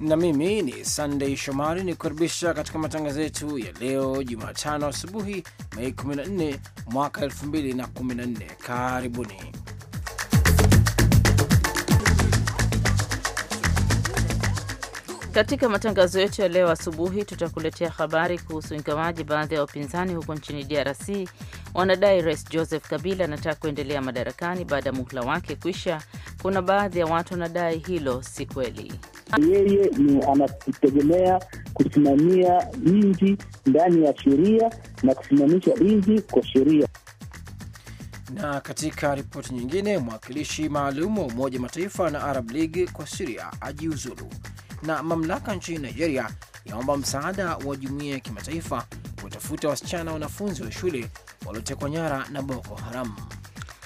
na mimi ni Sunday Shomari ni kukaribisha katika matangazo yetu ya leo Jumatano asubuhi Mei 14 mwaka 2014. Karibuni katika matangazo yetu ya leo asubuhi. Tutakuletea habari kuhusu ingawaji baadhi ya wapinzani huko nchini DRC wanadai Rais Joseph Kabila anataka kuendelea madarakani baada ya muhula wake kuisha. Kuna baadhi ya watu wanadai hilo si kweli. Yeye ni anategemea kusimamia nchi ndani ya sheria na kusimamisha nchi kwa sheria. Na katika ripoti nyingine, mwakilishi maalum wa Umoja Mataifa na Arab League kwa Siria ajiuzulu, na mamlaka nchini Nigeria yaomba msaada wa jumuiya ya kimataifa kutafuta wasichana wanafunzi wa shule waliotekwa nyara na Boko Haram.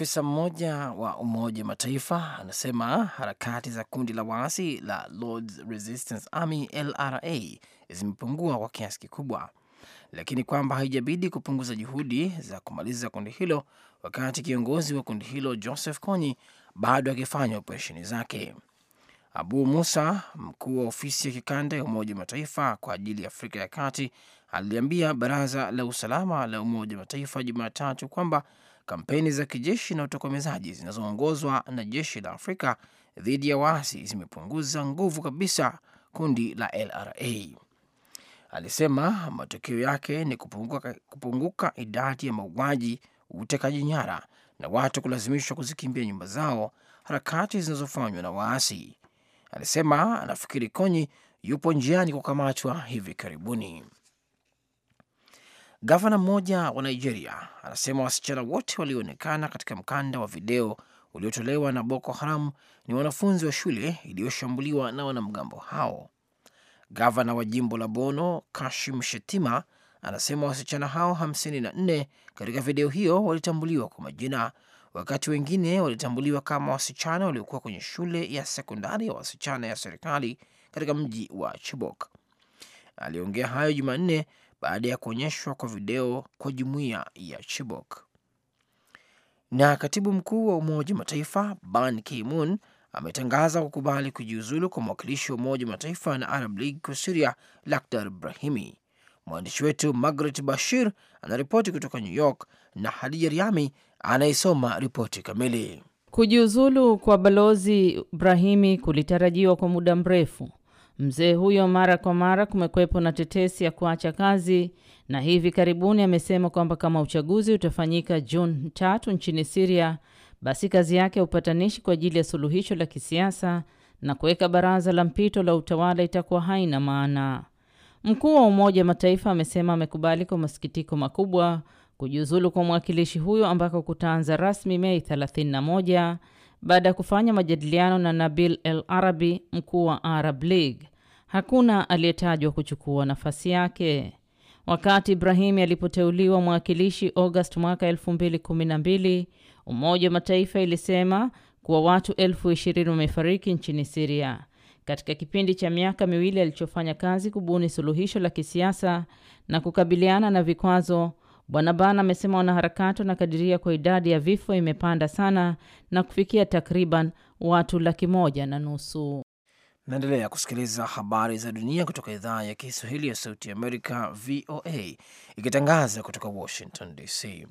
Afisa mmoja wa Umoja Mataifa anasema harakati za kundi la waasi la Lords Resistance Army LRA zimepungua kwa kiasi kikubwa, lakini kwamba haijabidi kupunguza juhudi za kumaliza kundi hilo, wakati kiongozi wa kundi hilo Joseph Kony bado akifanya operesheni zake. Abu Musa, mkuu wa ofisi ya kikanda ya Umoja Mataifa kwa ajili ya Afrika ya Kati, aliambia Baraza la Usalama la Umoja Mataifa Jumatatu kwamba Kampeni za kijeshi na utokomezaji zinazoongozwa na jeshi la Afrika dhidi ya waasi zimepunguza nguvu kabisa kundi la LRA. Alisema matokeo yake ni kupunguka, kupunguka idadi ya mauaji, utekaji nyara na watu kulazimishwa kuzikimbia nyumba zao, harakati zinazofanywa na waasi. Alisema anafikiri Konyi yupo njiani kukamatwa hivi karibuni. Gavana mmoja wa Nigeria anasema wasichana wote walioonekana katika mkanda wa video uliotolewa na Boko Haram ni wanafunzi wa shule iliyoshambuliwa na wanamgambo hao. Gavana wa jimbo la Bono, Kashim Shetima, anasema wasichana hao 54 katika video hiyo walitambuliwa kwa majina, wakati wengine walitambuliwa kama wasichana waliokuwa kwenye shule ya sekondari ya wasichana ya serikali katika mji wa Chibok. Aliongea hayo Jumanne baada ya kuonyeshwa kwa video kwa jumuiya ya Chibok. Na katibu mkuu wa Umoja wa Mataifa Ban Ki-moon ametangaza kukubali kujiuzulu kwa mwakilishi wa Umoja wa Mataifa na Arab League kwa Siria, Lakhdar Brahimi. Mwandishi wetu Margaret Bashir anaripoti kutoka New York na Hadija Riami anayesoma ripoti kamili. Kujiuzulu kwa balozi Brahimi kulitarajiwa kwa muda mrefu Mzee huyo mara kwa mara kumekwepo na tetesi ya kuacha kazi na hivi karibuni amesema kwamba kama uchaguzi utafanyika Juni tatu nchini Siria, basi kazi yake ya upatanishi kwa ajili ya suluhisho la kisiasa na kuweka baraza la mpito la utawala itakuwa haina maana. Mkuu wa Umoja wa Mataifa amesema amekubali kwa masikitiko makubwa kujiuzulu kwa mwakilishi huyo ambako kutaanza rasmi Mei 31 baada ya kufanya majadiliano na Nabil El Arabi, mkuu wa Arab League. Hakuna aliyetajwa kuchukua nafasi yake. Wakati Ibrahimi alipoteuliwa mwakilishi August mwaka 2012, Umoja wa Mataifa ilisema kuwa watu elfu ishirini wamefariki nchini Siria katika kipindi cha miaka miwili alichofanya kazi kubuni suluhisho la kisiasa na kukabiliana na vikwazo. Bwana Bana amesema wanaharakati wanakadiria kwa idadi ya vifo imepanda sana na kufikia takriban watu laki moja na nusu. Naendelea kusikiliza habari za dunia kutoka idhaa ya Kiswahili ya Sauti ya Amerika, VOA, ikitangaza kutoka Washington DC.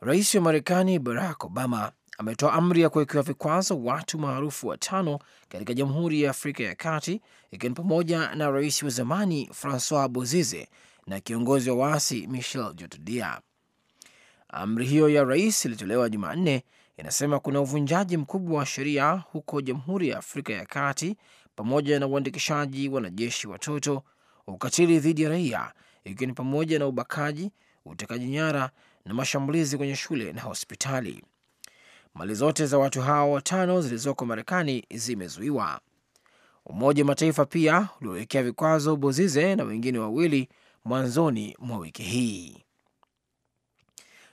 Rais wa Marekani Barack Obama ametoa amri ya kuwekewa vikwazo watu maarufu watano katika Jamhuri ya Afrika ya Kati, ikiwa ni pamoja na rais wa zamani Francois Bozize na kiongozi wa waasi Michel Jotodia. Amri hiyo ya rais ilitolewa Jumanne inasema kuna uvunjaji mkubwa wa sheria huko Jamhuri ya Afrika ya Kati pamoja na uandikishaji wanajeshi watoto, ukatili dhidi ya raia, ikiwa ni pamoja na ubakaji, utekaji nyara na mashambulizi kwenye shule na hospitali. Mali zote za watu hao watano zilizoko Marekani zimezuiwa. Umoja wa Mataifa pia uliowekea vikwazo Bozize na wengine wawili mwanzoni mwa wiki hii.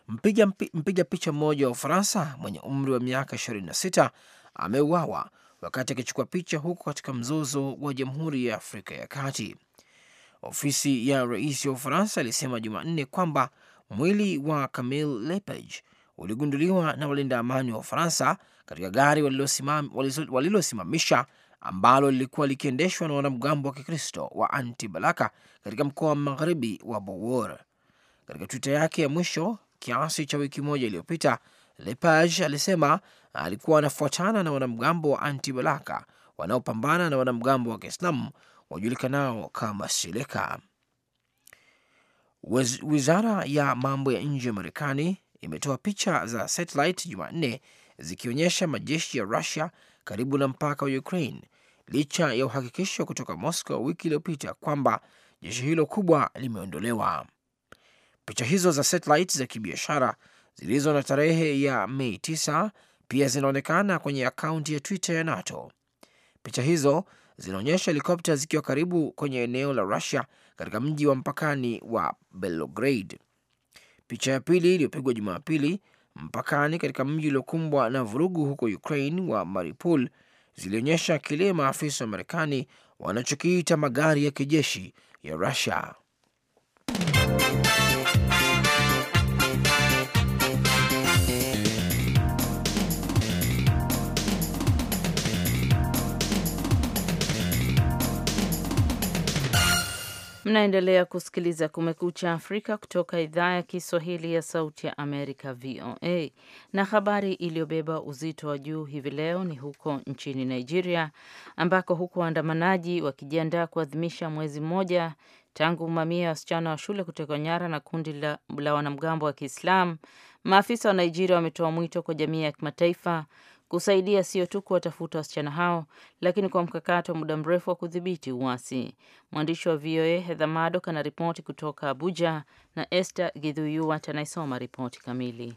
Mpiga, mpiga picha mmoja wa Ufaransa mwenye umri wa miaka 26 ameuawa wakati akichukua picha huko katika mzozo wa Jamhuri ya Afrika ya Kati. Ofisi ya rais wa Ufaransa ilisema Jumanne kwamba mwili wa Camille Lepage uligunduliwa na walinda amani wa Ufaransa katika gari walilosimamisha ambalo lilikuwa likiendeshwa na wanamgambo wa Kikristo wa Anti Balaka katika mkoa wa magharibi wa Bowor. Katika twita yake ya mwisho, kiasi cha wiki moja iliyopita, Lepage alisema alikuwa anafuatana na wanamgambo wa anti-balaka wanaopambana na wanamgambo wa Kiislamu wajulikanao kama Sileka. Wizara ya mambo ya nje ya Marekani imetoa picha za satellite Jumanne zikionyesha majeshi ya Rusia karibu na mpaka wa Ukraine licha ya uhakikisho kutoka Moscow wiki iliyopita kwamba jeshi hilo kubwa limeondolewa. Picha hizo za satellite za kibiashara zilizo na tarehe ya Mei 9 pia zinaonekana kwenye akaunti ya Twitter ya NATO. Picha hizo zinaonyesha helikopta zikiwa karibu kwenye eneo la Russia katika mji wa mpakani wa Belograde. Picha ya pili iliyopigwa Jumapili mpakani katika mji uliokumbwa na vurugu huko Ukraine wa Mariupol zilionyesha kile maafisa wa Marekani wanachokiita magari ya kijeshi ya Russia. Mnaendelea kusikiliza Kumekucha Afrika kutoka idhaa ya Kiswahili ya Sauti ya Amerika, VOA. Na habari iliyobeba uzito wa juu hivi leo ni huko nchini Nigeria, ambako huku waandamanaji wakijiandaa kuadhimisha mwezi mmoja tangu mamia ya wasichana wa shule kutekwa nyara na kundi la, la wanamgambo wa Kiislamu. Maafisa wa Nigeria wametoa mwito kwa jamii ya kimataifa kusaidia sio tu kuwatafuta wasichana hao, lakini kwa mkakati wa muda mrefu wa kudhibiti uasi. Mwandishi wa VOA Hedha Madok anaripoti kutoka Abuja na Esther Gidhuyuwat anaisoma ripoti kamili.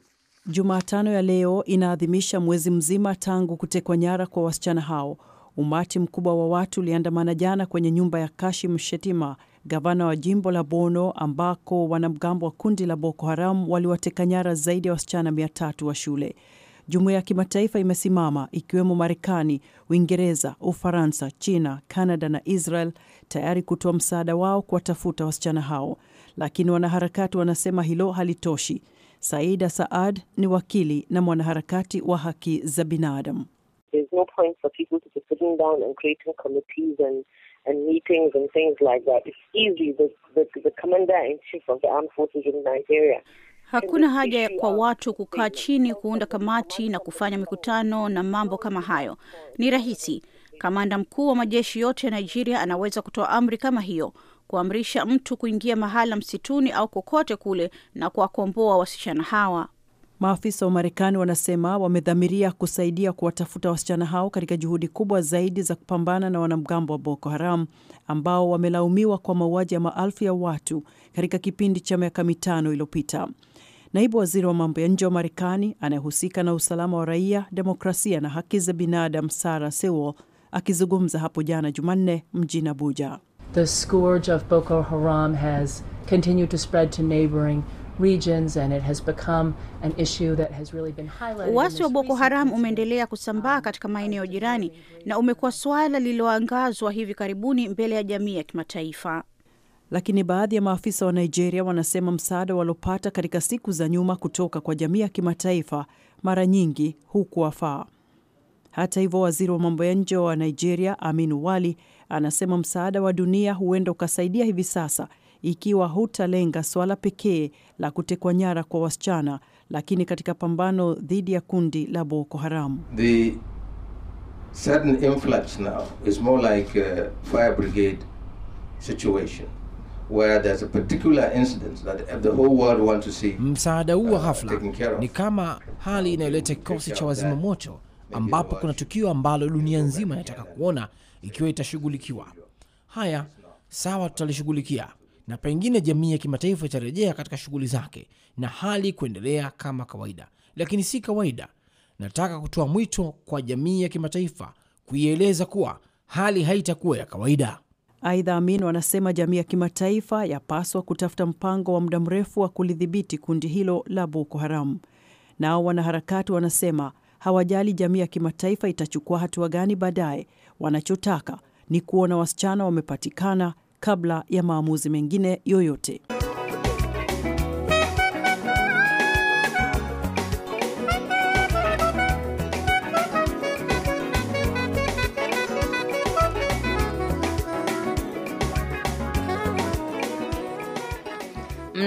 Jumatano ya leo inaadhimisha mwezi mzima tangu kutekwa nyara kwa wasichana hao. Umati mkubwa wa watu uliandamana jana kwenye nyumba ya Kashim Shetima, gavana wa jimbo la Bono, ambako wanamgambo wa kundi la Boko Haram waliwateka nyara zaidi ya wasichana mia tatu wa shule jumuiya ya kimataifa imesimama ikiwemo Marekani, Uingereza, Ufaransa, China, Kanada na Israel tayari kutoa msaada wao kuwatafuta wasichana hao, lakini wanaharakati wanasema hilo halitoshi. Saida Saad ni wakili na mwanaharakati wa haki za binadamu. Hakuna haja kwa watu kukaa chini kuunda kamati na kufanya mikutano na mambo kama hayo. Ni rahisi. Kamanda mkuu wa majeshi yote ya Nigeria anaweza kutoa amri kama hiyo, kuamrisha mtu kuingia mahala msituni au kokote kule na kuwakomboa wasichana hawa. Maafisa wa Marekani wanasema wamedhamiria kusaidia kuwatafuta wasichana hao katika juhudi kubwa zaidi za kupambana na wanamgambo wa Boko Haram ambao wamelaumiwa kwa mauaji ya maelfu ya watu katika kipindi cha miaka mitano iliyopita. Naibu waziri wa mambo ya nje wa Marekani anayehusika na usalama wa raia, demokrasia na haki za binadamu, Sara sewo akizungumza hapo jana Jumanne mjini Abuja, The scourge of Boko Haram has continued to spread to neighboring uasi wa Boko Haram umeendelea kusambaa um, katika maeneo uh, jirani uh, na umekuwa swala lililoangazwa hivi karibuni mbele ya jamii ya kimataifa lakini baadhi ya maafisa wa Nigeria wanasema msaada waliopata katika siku za nyuma kutoka kwa jamii ya kimataifa mara nyingi hukuwafaa. Hata hivyo, waziri wa mambo ya nje wa Nigeria Aminu Wali anasema msaada wa dunia huenda ukasaidia hivi sasa ikiwa hutalenga suala pekee la kutekwa nyara kwa wasichana, lakini katika pambano dhidi ya kundi la Boko Haram. The sudden influx now is more like a fire brigade situation. Where there's a particular incident that the whole world to see. Uh, Msaada huu wa ghafla ni kama hali inayoleta kikosi cha wazima moto ambapo kuna tukio ambalo dunia nzima inataka kuona ikiwa itashughulikiwa. Haya, sawa, tutalishughulikia na pengine jamii ya kimataifa itarejea katika shughuli zake na hali kuendelea kama kawaida, lakini si kawaida. Nataka kutoa mwito kwa jamii ya kimataifa kuieleza kuwa hali haitakuwa ya kawaida. Aidha, Amin wanasema jamii ya kimataifa yapaswa kutafuta mpango wa muda mrefu wa kulidhibiti kundi hilo la Boko Haram. Nao wanaharakati wanasema hawajali jamii ya kimataifa itachukua hatua gani baadaye, wanachotaka ni kuona wasichana wamepatikana kabla ya maamuzi mengine yoyote.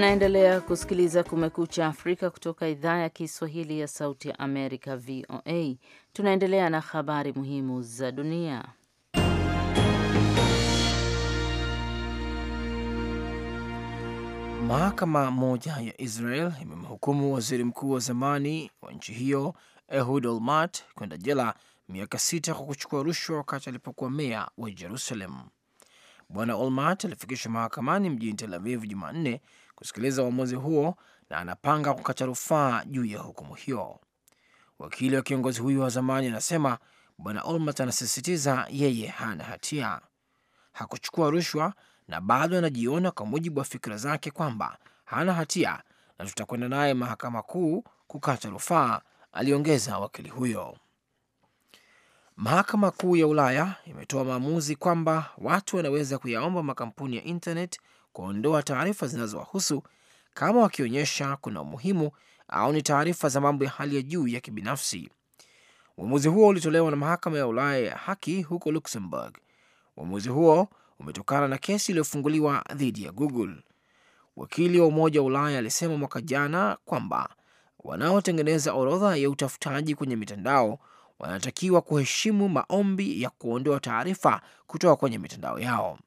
naendelea kusikiliza Kumekucha Afrika kutoka idhaa ya Kiswahili ya Sauti ya Amerika, VOA. Tunaendelea na habari muhimu za dunia. Mahakama moja ya Israel imemhukumu waziri mkuu wa zamani wa nchi hiyo Ehud Olmert kwenda jela miaka sita kwa kuchukua rushwa wakati alipokuwa meya wa Jerusalem. Bwana Olmert alifikishwa mahakamani mjini Tel Aviv Jumanne kusikiliza uamuzi huo na anapanga kukata rufaa juu ya hukumu hiyo. Wakili wa kiongozi huyo wa zamani anasema Bwana Olmert anasisitiza yeye hana hatia, hakuchukua rushwa na bado anajiona kwa mujibu wa fikira zake kwamba hana hatia na tutakwenda naye mahakama kuu kukata rufaa, aliongeza wakili huyo. Mahakama Kuu ya Ulaya imetoa maamuzi kwamba watu wanaweza kuyaomba makampuni ya internet kuondoa taarifa zinazowahusu kama wakionyesha kuna umuhimu au ni taarifa za mambo ya hali ya juu ya kibinafsi. Uamuzi huo ulitolewa na mahakama ya Ulaya ya haki huko Luxembourg. Uamuzi huo umetokana na kesi iliyofunguliwa dhidi ya Google. Wakili wa Umoja wa Ulaya alisema mwaka jana kwamba wanaotengeneza orodha ya utafutaji kwenye mitandao wanatakiwa kuheshimu maombi ya kuondoa taarifa kutoka kwenye mitandao yao.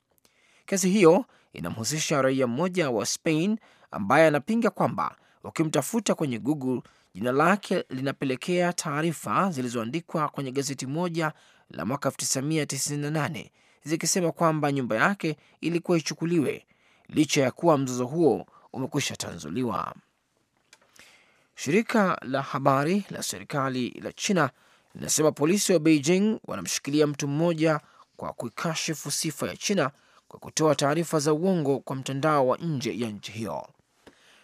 Kesi hiyo inamhusisha raia mmoja wa Spain ambaye anapinga kwamba ukimtafuta kwenye Google jina lake linapelekea taarifa zilizoandikwa kwenye gazeti moja la mwaka 1998 zikisema kwamba nyumba yake ilikuwa ichukuliwe licha ya kuwa mzozo huo umekwisha tanzuliwa. Shirika la habari la serikali la China linasema polisi wa Beijing wanamshikilia mtu mmoja kwa kuikashifu sifa ya China kwa kutoa taarifa za uongo kwa mtandao wa nje ya nchi hiyo.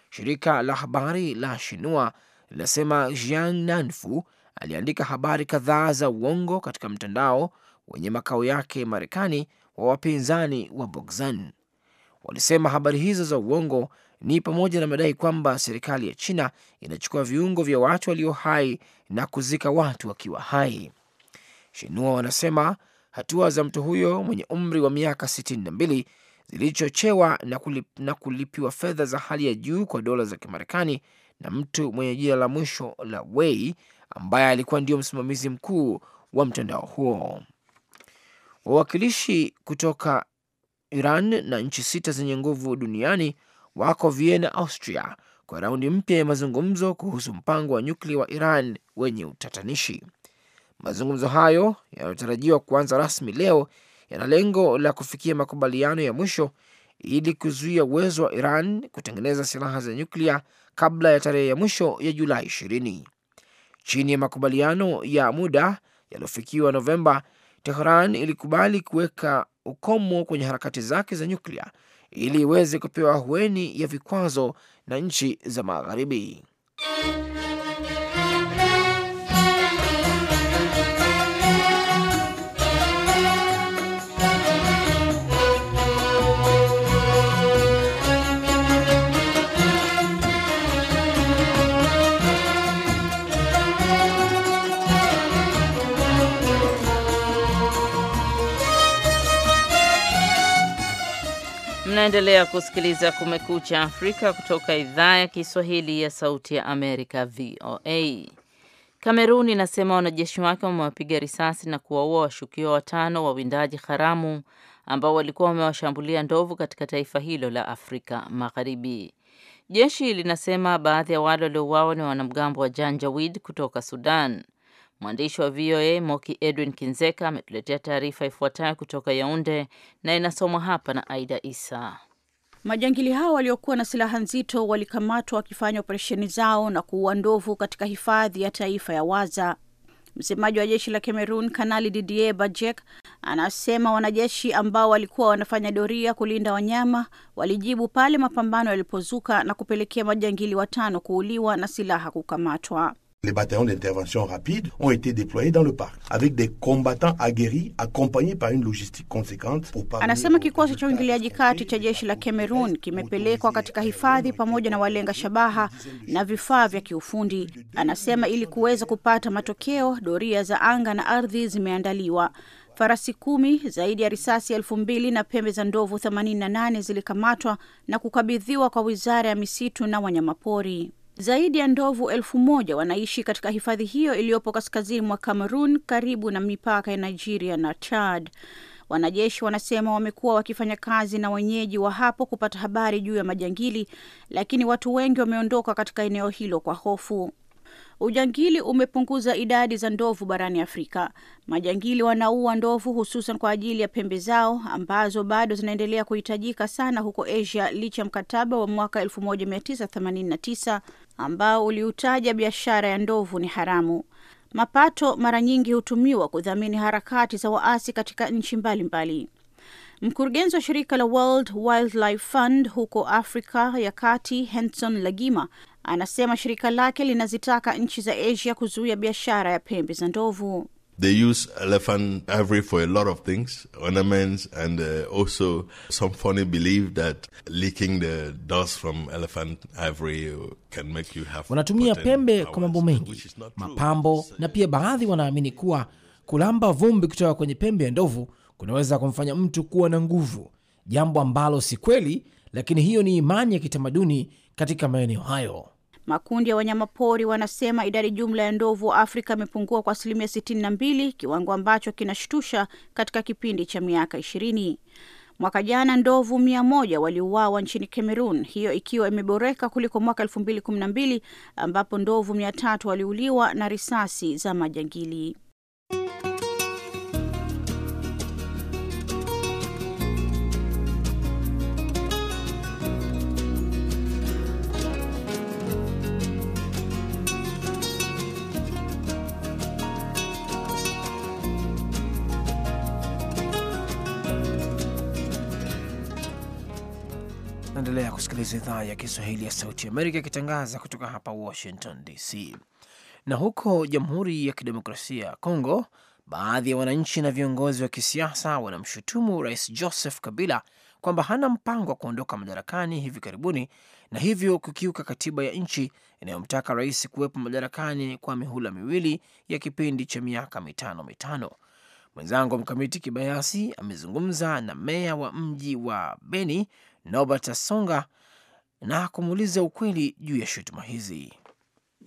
Shirika la habari la Shinua linasema Jiang Nanfu aliandika habari kadhaa za uongo katika mtandao wenye makao yake Marekani wa wapinzani wa Bogzan. Walisema habari hizo za uongo ni pamoja na madai kwamba serikali ya China inachukua viungo vya watu walio hai na kuzika watu wakiwa hai. Shinua wanasema Hatua za mtu huyo mwenye umri wa miaka 62 zilichochewa na, kulip, na kulipiwa fedha za hali ya juu kwa dola za Kimarekani na mtu mwenye jina la mwisho la Wei ambaye alikuwa ndio msimamizi mkuu wa mtandao huo. Wawakilishi kutoka Iran na nchi sita zenye nguvu duniani wako Vienna, Austria, kwa raundi mpya ya mazungumzo kuhusu mpango wa nyuklia wa Iran wenye utatanishi. Mazungumzo hayo yanayotarajiwa kuanza rasmi leo yana lengo la kufikia makubaliano ya mwisho ili kuzuia uwezo wa Iran kutengeneza silaha za nyuklia kabla ya tarehe ya mwisho ya Julai ishirini. Chini ya makubaliano ya muda yaliyofikiwa Novemba, Tehran ilikubali kuweka ukomo kwenye harakati zake za nyuklia ili iweze kupewa hueni ya vikwazo na nchi za Magharibi. Mnaendelea kusikiliza Kumekucha Afrika kutoka idhaa ya Kiswahili ya Sauti ya Amerika, VOA. Kamerun inasema wanajeshi wake wamewapiga risasi na kuwaua washukiwa watano wa windaji haramu ambao walikuwa wamewashambulia ndovu katika taifa hilo la Afrika Magharibi. Jeshi linasema baadhi ya wale waliouawa ni wanamgambo wa Janjawid kutoka Sudan. Mwandishi wa VOA Moki Edwin Kinzeka ametuletea taarifa ifuatayo kutoka Yaunde na inasomwa hapa na Aida Isa. Majangili hao waliokuwa na silaha nzito walikamatwa wakifanya operesheni zao na kuua ndovu katika hifadhi ya taifa ya Waza. Msemaji wa jeshi la Cameroon Kanali Didier Bajek anasema wanajeshi ambao walikuwa wanafanya doria kulinda wanyama walijibu pale mapambano yalipozuka na kupelekea majangili watano kuuliwa na silaha kukamatwa. Les bataillons d'intervention rapide ont été déployés dans le parc avec des combattants aguerris accompagnés par une logistique conséquente. Anasema kikosi cha uingiliaji kati cha jeshi la Cameroon kimepelekwa katika hifadhi pamoja na walenga shabaha na vifaa vya kiufundi. Anasema ili kuweza kupata matokeo, doria za anga na ardhi zimeandaliwa. Farasi kumi, zaidi ya risasi elfu mbili na pembe za ndovu 88 zilikamatwa na kukabidhiwa kwa Wizara ya Misitu na Wanyamapori. Zaidi ya ndovu elfu moja wanaishi katika hifadhi hiyo iliyopo kaskazini mwa Cameroon karibu na mipaka ya Nigeria na Chad. Wanajeshi wanasema wamekuwa wakifanya kazi na wenyeji wa hapo kupata habari juu ya majangili, lakini watu wengi wameondoka katika eneo hilo kwa hofu. Ujangili umepunguza idadi za ndovu barani Afrika. Majangili wanaua ndovu hususan kwa ajili ya pembe zao ambazo bado zinaendelea kuhitajika sana huko Asia licha ya mkataba wa mwaka 1989 ambao uliutaja biashara ya ndovu ni haramu. Mapato mara nyingi hutumiwa kudhamini harakati za waasi katika nchi mbalimbali. Mkurugenzi wa shirika la World Wildlife Fund huko Afrika ya Kati, Henson Lagima, anasema shirika lake linazitaka nchi za Asia kuzuia biashara ya pembe za ndovu. They use elephant ivory for a lot of things, ornaments, and uh, also some funny belief that leaking the dust from elephant ivory can make you have. Wanatumia pembe kwa mambo mengi, mapambo, na pia baadhi wanaamini kuwa kulamba vumbi kutoka kwenye pembe ya ndovu kunaweza kumfanya mtu kuwa na nguvu, jambo ambalo si kweli, lakini hiyo ni imani ya kitamaduni katika maeneo hayo. Makundi ya wanyamapori wanasema idadi jumla ya ndovu wa Afrika imepungua kwa asilimia sitini na mbili, kiwango ambacho kinashtusha katika kipindi cha miaka ishirini. Mwaka jana ndovu mia moja waliuawa nchini Cameroon, hiyo ikiwa imeboreka kuliko mwaka elfu mbili kumi na mbili ambapo ndovu mia tatu waliuliwa na risasi za majangili. kusikiliza idhaa ya Kiswahili ya Sauti Amerika ikitangaza kutoka hapa Washington DC. Na huko Jamhuri ya Kidemokrasia ya Kongo, baadhi ya wananchi na viongozi wa kisiasa wanamshutumu Rais Joseph Kabila kwamba hana mpango wa kuondoka madarakani hivi karibuni, na hivyo kukiuka katiba ya nchi inayomtaka rais kuwepo madarakani kwa mihula miwili ya kipindi cha miaka mitano mitano. Mwenzangu Mkamiti Kibayasi amezungumza na meya wa mji wa Beni Nobert Asonga na kumuuliza ukweli juu ya shutuma hizi.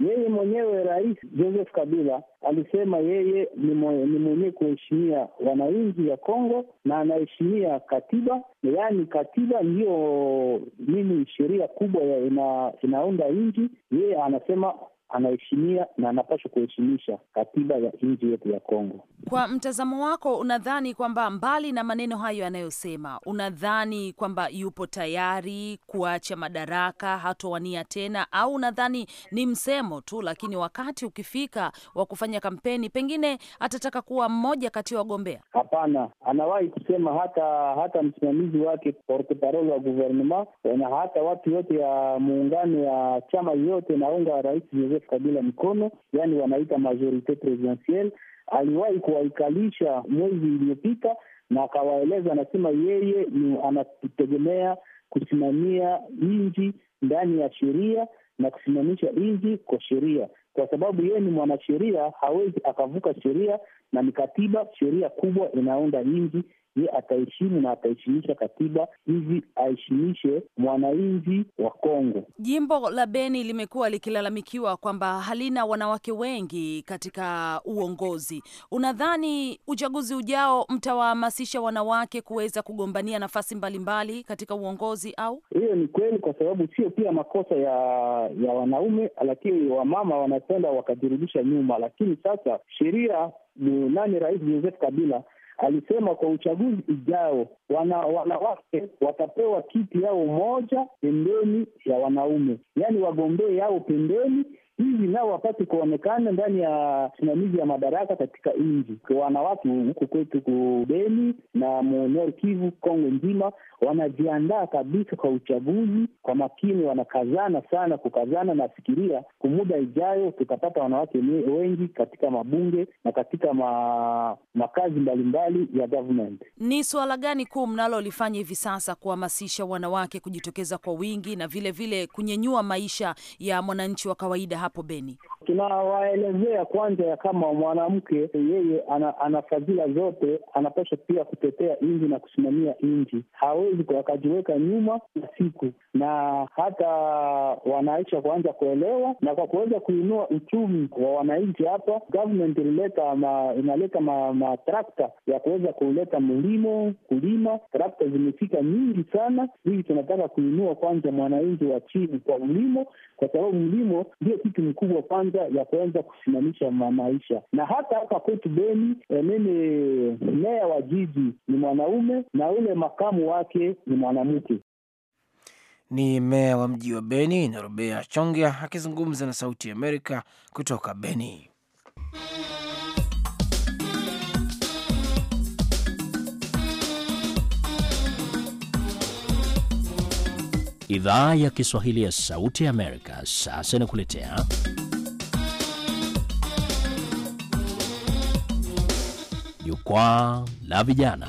Yeye mwenyewe Rais Joseph Kabila alisema yeye ni mwenyewe kuheshimia wananchi ya Kongo na anaheshimia katiba, yaani katiba ndiyo nini sheria kubwa ya ina, inaunda nchi. Yeye anasema anaheshimia na anapaswa kuheshimisha katiba ya nchi yetu ya Kongo. Kwa mtazamo wako, unadhani kwamba mbali na maneno hayo yanayosema, unadhani kwamba yupo tayari kuacha madaraka, hatowania tena, au unadhani ni msemo tu, lakini wakati ukifika wa kufanya kampeni pengine atataka kuwa mmoja kati ya wagombea? Hapana, anawahi kusema hata hata msimamizi wake porte parole wa guvernement na hata watu wote ya muungano ya chama yote naunga rais Joseph Joseph Kabila mkono, yaani wanaita majorite presidentielle. Aliwahi kuwaikalisha mwezi iliyopita na akawaeleza, anasema yeye ni anategemea kusimamia nchi ndani ya sheria na kusimamisha nchi kwa sheria, kwa sababu yeye ni mwanasheria, hawezi akavuka sheria, na ni katiba, sheria kubwa inaunda nchi ye ataheshimu na ataheshimisha katiba hivi aheshimishe mwananchi wa Kongo. Jimbo la Beni limekuwa likilalamikiwa kwamba halina wanawake wengi katika uongozi. Unadhani uchaguzi ujao mtawahamasisha wanawake kuweza kugombania nafasi mbalimbali mbali katika uongozi au? Hiyo ni kweli, kwa sababu sio pia makosa ya ya wanaume, lakini wamama wanapenda wakajirudisha nyuma, lakini sasa sheria nani, Rais Joseph Kabila alisema kwa uchaguzi ujao wana, wanawake watapewa kiti yao moja pembeni ya wanaume, yaani wagombee yao pembeni hivi nao wapate kuonekana ndani ya simamizi ya madaraka katika nchi. Wanawake huku kwetu kubeni na mweneo Kivu Kongo nzima wanajiandaa kabisa kwa uchaguzi kwa makini, wanakazana sana kukazana. Nafikiria kumuda muda ijayo tutapata wanawake wengi katika mabunge na katika ma, makazi mbalimbali ya government. Ni suala gani kuu mnalolifanya hivi sasa kuhamasisha wanawake kujitokeza kwa wingi na vilevile vile kunyenyua maisha ya mwananchi wa kawaida hapo Beni? Tunawaelezea kwanza ya kama mwanamke yeye ana, ana fadhila zote, anapaswa pia kutetea nchi na kusimamia nchi hawe viongozi wakajiweka nyuma na siku na hata wanaisha kuanza kuelewa, na kwa kuweza kuinua uchumi wa wananchi hapa, government ilileta ma, inaleta matrakta ma ya kuweza kuleta mlimo kulima. Trakta zimefika nyingi sana hivi, tunataka kuinua kwanza mwananchi wa chini kwa mlimo, kwa sababu mlimo ndio kitu mkubwa kwanza ya kuweza kusimamisha maisha. Na hata hapa kwetu Beni, eh, mimi meya wa jiji ni mwanaume na ule makamu wake yake ni mwanamke. Ni meya wa mji wa Beni na chongia akizungumza na Sauti ya Amerika kutoka Beni. Idhaa ya Kiswahili ya Sauti ya Amerika sasa inakuletea jukwaa la vijana.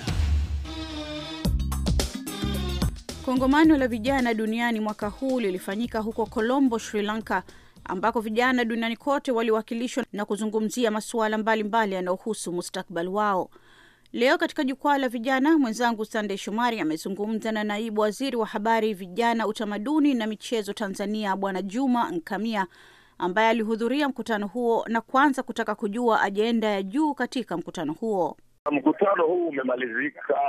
kongomano la vijana duniani mwaka huu lilifanyika huko Colombo, Sri Lanka, ambako vijana duniani kote waliwakilishwa na kuzungumzia masuala mbalimbali yanayohusu mustakbali wao. Leo katika jukwaa la vijana, mwenzangu Sandey Shomari amezungumza na naibu waziri wa habari, vijana, utamaduni na michezo Tanzania, Bwana Juma Nkamia ambaye alihudhuria mkutano huo na kwanza kutaka kujua ajenda ya juu katika mkutano huo. Mkutano huu umemalizika,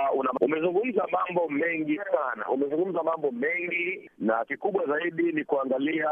umezungumza mambo mengi sana, umezungumza mambo mengi, na kikubwa zaidi ni kuangalia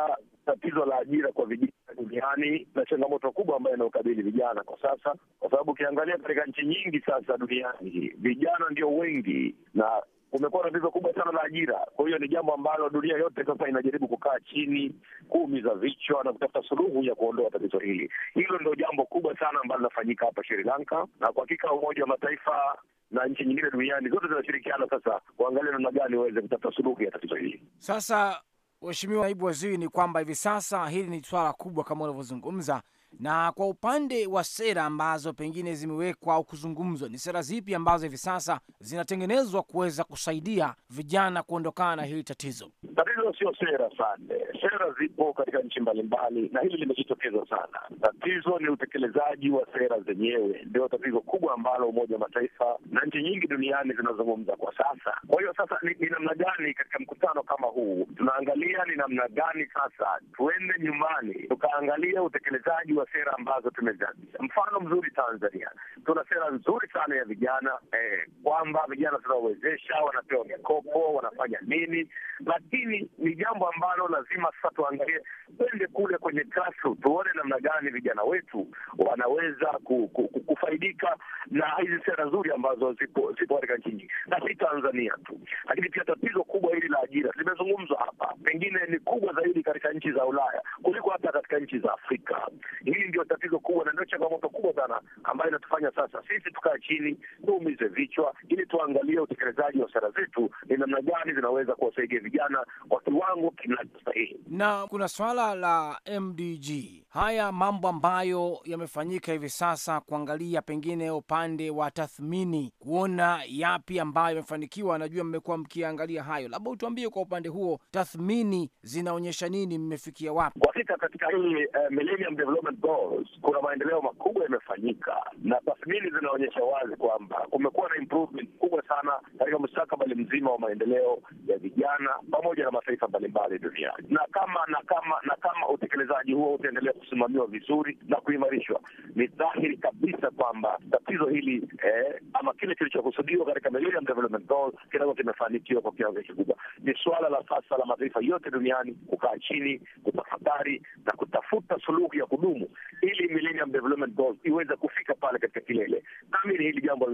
tatizo la ajira kwa vijana duniani na changamoto kubwa ambayo inaokabili vijana kwa sasa, kwa sababu ukiangalia katika nchi nyingi sasa duniani, vijana ndio wengi na kumekuwa na tatizo kubwa sana la ajira. Kwa hiyo ni jambo ambalo dunia yote sasa inajaribu kukaa chini, kuumiza vichwa na kutafuta suluhu ya kuondoa tatizo hili. Hilo ndio jambo kubwa sana ambalo linafanyika hapa Sri Lanka, na kwa hakika Umoja wa Mataifa na nchi nyingine duniani zote zinashirikiana sasa kuangalia namna gani waweze kutafuta suluhu ya tatizo hili. Sasa, Mheshimiwa Naibu Waziri, ni kwamba hivi sasa hili ni swala kubwa kama unavyozungumza na kwa upande wa sera ambazo pengine zimewekwa au kuzungumzwa, ni sera zipi ambazo hivi sasa zinatengenezwa kuweza kusaidia vijana kuondokana na hili tatizo? Tatizo sio sera sane sera zipo katika nchi mbalimbali na hili limejitokeza sana. Tatizo ni utekelezaji wa sera zenyewe, ndio tatizo kubwa ambalo Umoja wa Mataifa na nchi nyingi duniani zinazungumza kwa sasa. Kwa hiyo sasa ni, ni namna gani katika mkutano kama huu tunaangalia ni namna gani sasa tuende nyumbani tukaangalia utekelezaji wa sera ambazo tumezaia Mfano mzuri Tanzania, tuna sera nzuri sana ya vijana eh, kwamba vijana tunawawezesha, wanapewa mikopo, wanafanya nini, lakini ni jambo ambalo lazima sasa tuangalie, twende kule kwenye kasu, tuone namna gani vijana wetu wanaweza ku, ku, ku, kufaidika na hizi sera nzuri ambazo zipo zipo katika nchi nyingi, na si Tanzania tu, lakini pia tatizo kubwa hili la ajira limezungumzwa hapa, pengine ni kubwa zaidi katika nchi za Ulaya kuliko hata katika nchi za Afrika. Hili ndio tatizo kubwa na ndio changamoto kubwa sana ambayo inatufanya sasa sisi tukae chini tuumize vichwa, ili tuangalie utekelezaji wa sera zetu ni namna gani zinaweza kuwasaidia vijana kwa kiwango kinachostahili. Na kuna swala la MDG, haya mambo ambayo yamefanyika hivi sasa, kuangalia pengine upande wa tathmini, kuona yapi ambayo yamefanikiwa. Najua mmekuwa mkiangalia hayo, labda utuambie kwa upande huo tathmini zinaonyesha nini, mmefikia wapi? Kwa hakika katika hii uh, Millennium Development goals, kuna maendeleo makubwa yamefanyika, na tathmini zinaonyesha wazi kwamba kumekuwa na improvement kubwa sana katika mustakabali mzima wa maendeleo ya vijana pamoja na mataifa mbalimbali duniani, na kama na kama na kama utekelezaji huo utaendelea kusimamiwa vizuri na kuimarishwa, ni dhahiri kabisa kwamba tatizo hili eh, ama kile kilichokusudiwa katika Millennium Development Goal kinakuwa kimefanikiwa kwa kiwango kikubwa. Ni suala la sasa la mataifa yote duniani kukaa chini, kutafakari na kutafuta suluhu ya kudumu ili Millennium Development Goals iweze kufika pale katika kilele. Naamini hili jambo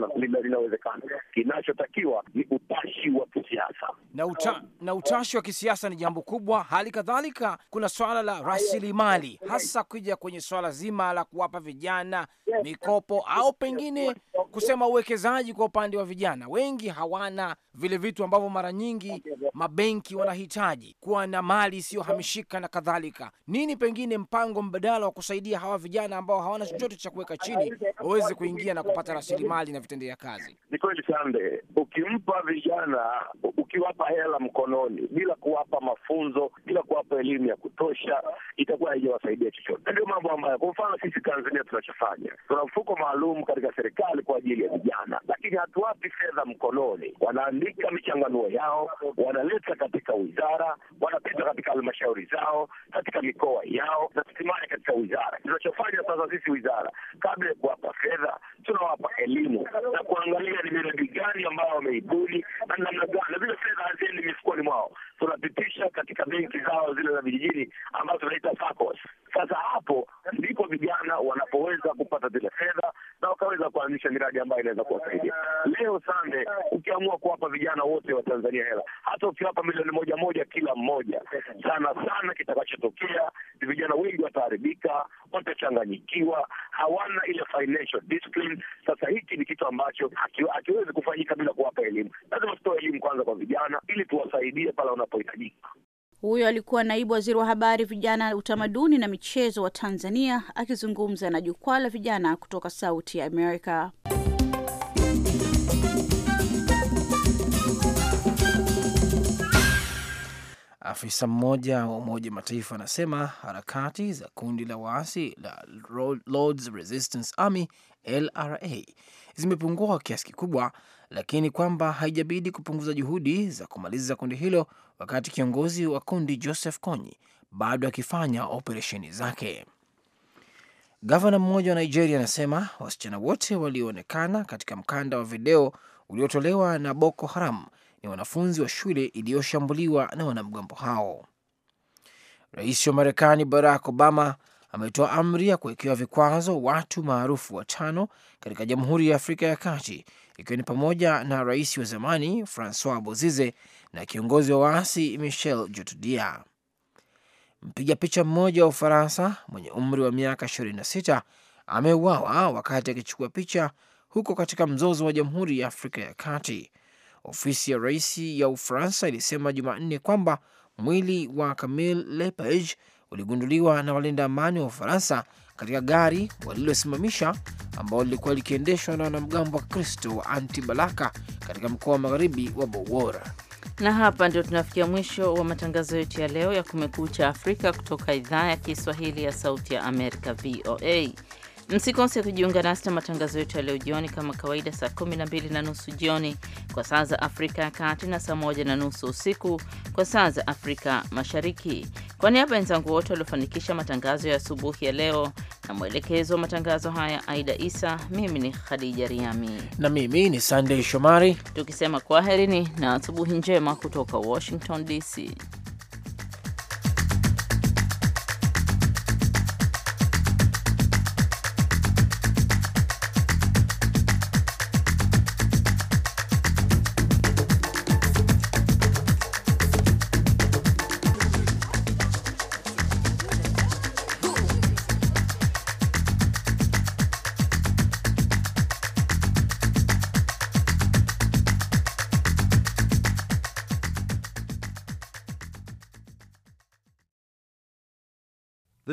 linawezekana. Kinachotakiwa ni utashi wa kisiasa na, uta, na utashi wa kisiasa ni jambo kubwa. Hali kadhalika kuna swala la rasilimali, hasa kuja kwenye swala zima la kuwapa vijana mikopo au pengine kusema uwekezaji kwa upande wa vijana. Wengi hawana vile vitu ambavyo mara nyingi mabenki wanahitaji, kuwa na mali isiyohamishika na kadhalika. Nini pengine mpango mbadala wa kusaidia hawa vijana ambao hawana chochote cha kuweka chini waweze kuingia na kupata rasilimali na vitendea kazi? Ni kweli Sande, ukimpa vijana, ukiwapa hela mkononi bila kuwapa mafunzo, bila kuwapa elimu ya kutosha, itakuwa haijawasaidia chochote. Ndio mambo ambayo kwa mfano sisi Tanzania tunachofanya Tuna mfuko maalum katika serikali kwa ajili ya vijana, lakini hatuwapi fedha mkononi. Wanaandika michanganuo yao, wanaleta katika wizara, wanapita katika halmashauri zao, katika mikoa yao, na hatimaye katika wizara. Tunachofanya sasa sisi wizara, kabla ya kuwapa fedha, tunawapa elimu na kuangalia ni miradi gani ambayo wameibuni na namna gani, na vile fedha haziendi mifukoni mwao, tunapitisha katika benki zao zile za vijijini ambazo tunaita SACCOS. Sasa hapo ndipo vijana wanapoweza kupata zile fedha na wakaweza kuanzisha miradi ambayo inaweza kuwasaidia. Leo Sande, ukiamua kuwapa vijana wote wa Tanzania hela, hata ukiwapa milioni moja moja kila mmoja, sana sana kitakachotokea ni vijana wengi wataharibika, watachanganyikiwa, hawana ile financial discipline. Sasa hiki ni kitu ambacho hakiwezi kufanyika bila kuwapa elimu. Lazima tutoe elimu kwanza kwa vijana, ili tuwasaidie pale wanapohitajika. Huyo alikuwa naibu waziri wa habari, vijana, utamaduni na michezo wa Tanzania akizungumza na jukwaa la vijana kutoka Sauti ya Amerika. Afisa mmoja wa Umoja Mataifa anasema harakati za kundi la waasi la Lords Resistance Army LRA zimepungua kwa kiasi kikubwa, lakini kwamba haijabidi kupunguza juhudi za kumaliza kundi hilo, wakati kiongozi wa kundi Joseph Kony bado akifanya operesheni zake. Gavana mmoja wa Nigeria anasema wasichana wote walioonekana katika mkanda wa video uliotolewa na Boko Haram ni wanafunzi wa shule iliyoshambuliwa na wanamgambo hao. Rais wa Marekani Barack Obama ametoa amri ya kuwekewa vikwazo watu maarufu watano katika Jamhuri ya Afrika ya Kati, ikiwa ni pamoja na rais wa zamani Francois Bozize na kiongozi wa waasi Michel Jotodia. Mpiga picha mmoja wa Ufaransa mwenye umri wa miaka 26 ameuawa wakati akichukua picha huko katika mzozo wa Jamhuri ya Afrika ya Kati Ofisi ya rais ya Ufaransa ilisema Jumanne kwamba mwili wa Camille Lepage uligunduliwa na walinda amani wa Ufaransa katika gari walilosimamisha ambao lilikuwa likiendeshwa na wanamgambo wa Kristo wa anti balaka katika mkoa wa magharibi wa Bowora. Na hapa ndio tunafikia mwisho wa matangazo yetu ya leo ya Kumekucha Afrika kutoka idhaa ya Kiswahili ya Sauti ya Amerika, VOA. Msikose kujiunga nasi na matangazo yetu ya leo jioni, kama kawaida, saa 12 na nusu jioni kwa saa za Afrika ya Kati na saa 1 na nusu usiku kwa saa za Afrika Mashariki. Kwa niaba ya wenzangu wote waliofanikisha matangazo ya asubuhi ya leo na mwelekezo wa matangazo haya Aida Isa, mimi ni Khadija Riami na mimi ni Sandey Shomari, tukisema kwaherini na asubuhi njema kutoka Washington DC.